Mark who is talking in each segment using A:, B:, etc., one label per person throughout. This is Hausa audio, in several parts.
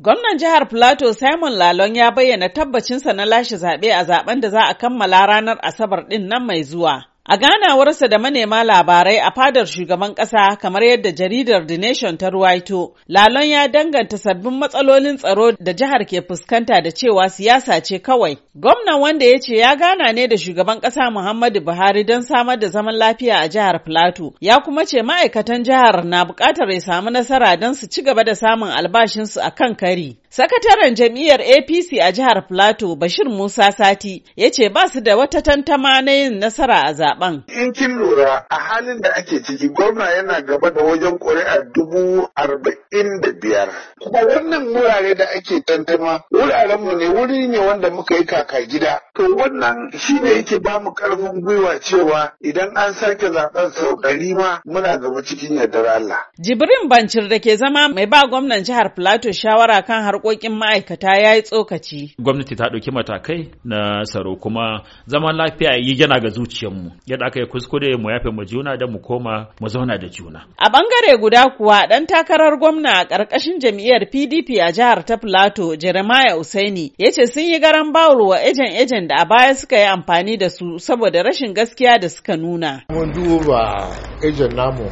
A: Gwamnan jihar Plateau Simon Lalon ya bayyana tabbacinsa na lashe zaɓe a zaben da za a kammala ranar Asabar ɗin nan mai zuwa. A ganawarsa da manema labarai a fadar shugaban ƙasa kamar yadda jaridar The Nation ta ruwaito, Lalon ya danganta sabbin matsalolin tsaro da jihar ke fuskanta da cewa siyasa ce kawai. Gwamnan wanda ya ce ya gana ne da shugaban ƙasa Muhammadu Buhari don samar da zaman lafiya a jihar Plateau, ya kuma ce ma'aikatan jihar na buƙatar ya samu nasara don su ci gaba da samun albashinsu a kan kari. Sakataren jam'iyyar APC a jihar Plateau Bashir Musa Sati ya ce ba su da wata tantama na yin nasara a zaben.
B: In kin lura a halin da ake ciki gwamna yana gaba da wajen ƙuri'a dubu arba'in da biyar.
A: Kuma wannan
B: wurare da ake tantama wuraren mu ne wuri ne wanda muka yi kaka gida. To wannan shi ne yake ba mu ƙarfin gwiwa cewa idan an sake zaben sau ɗari ma muna gaba cikin yardar Allah.
A: Jibrin Bancir da ke zama mai ba gwamnan jihar Plateau shawara kan har harkokin ma'aikata ya yi tsokaci.
C: Gwamnati ta ɗauki matakai na tsaro kuma zaman lafiya yi yana ga zuciyarmu yadda aka yi kuskure mu yafe mu juna da mu koma mu zauna da juna.
A: A bangare guda kuwa ɗan takarar gwamna a ƙarƙashin jam'iyyar PDP a jihar ta Plateau Jeremiah Usaini ya ce sun yi garan bawul wa ejen-ejen da a baya suka yi amfani da su saboda rashin gaskiya da suka nuna. Mun duba ejen namu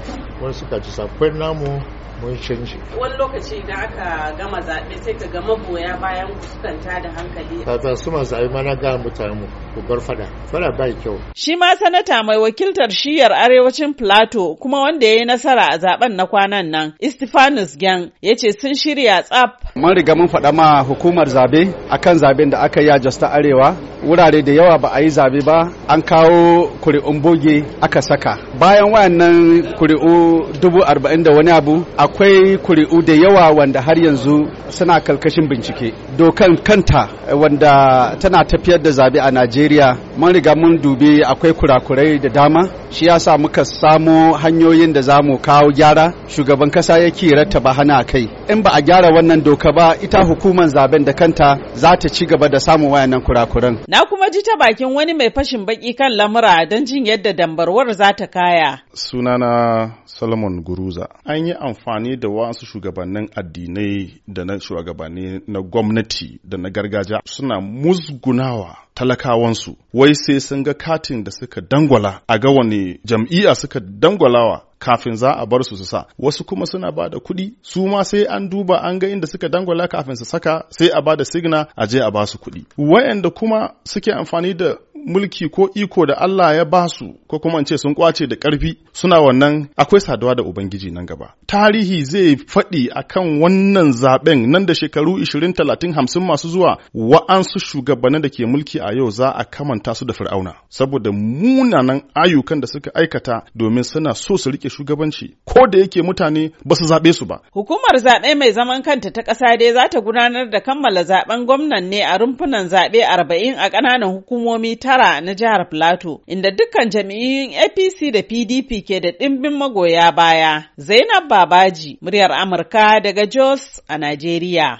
A: wani suka ci sakwai namu mun canji wani lokaci da aka gama zaɓe sai ka ga magoya bayan fuskanta da hankali kafin su ma zaɓe mana ga mutane mu ku bar fada fada bai kyau shi ma sanata mai wakiltar shiyar arewacin plato kuma wanda ya yi nasara a zaben na kwanan nan istifanus gyan ya ce sun shirya tsaf mun
B: riga mun faɗa ma hukumar zabe akan zaben da aka yi a jasta arewa wurare da yawa ba a yi zabe ba an kawo kuri'un boge aka saka bayan wayannan kuri'u dubu arba'in da wani abu akwai kuri'u da yawa wanda har yanzu suna kalkashin bincike dokan kanta eh, wanda tana tafiyar da zabe a najeriya mun riga mun dubi akwai kurakurai da dama shi yasa muka samo hanyoyin da za mu kawo gyara shugaban kasa ya ba hana kai in ba a gyara wannan doka ba ita hukumar zaben da kanta za ta ci gaba da samun wayannan kurakuran
A: Na kuma ji ta bakin wani mai fashin baki kan lamura don jin yadda dambarwar za ta kaya.
C: Sunana Solomon Guruza. An yi amfani da wasu shugabannin addinai da na shugabanni na gwamnati da na gargajiya suna musgunawa talakawansu wai sai sun ga katin da suka dangwala a ga wani jam'iyya suka dangwalawa kafin za a bar su su sa wasu kuma suna ba da kuɗi su ma sai an duba an ga inda suka dangwala kafin su saka sai a ba da signa a je a ba su kuɗi wayanda kuma suke amfani da mulki ko iko da Allah ya ba su ko kuma ce sun kwace da ƙarfi suna wannan akwai saduwa da ubangiji nan gaba tarihi zai faɗi a kan wannan zaben nan da shekaru 20 30 50 masu zuwa wa'ansu shugabannin da ke mulki a yau za a kamanta su da fir'auna saboda munanan ayyukan da suka aikata domin suna so su rike shugabanci ko da yake mutane ba su zaɓe su ba
A: hukumar zaɓe mai zaman kanta ta ƙasa dai za ta gudanar da kammala zaɓen gwamnan ne a rumfunan zaɓe arba'in a ƙananan hukumomi ta tara na jihar Plateau, inda dukkan jam'iyyun APC da PDP ke da ɗimbin magoya baya. Zainab Babaji, muryar Amurka daga Jos a Najeriya.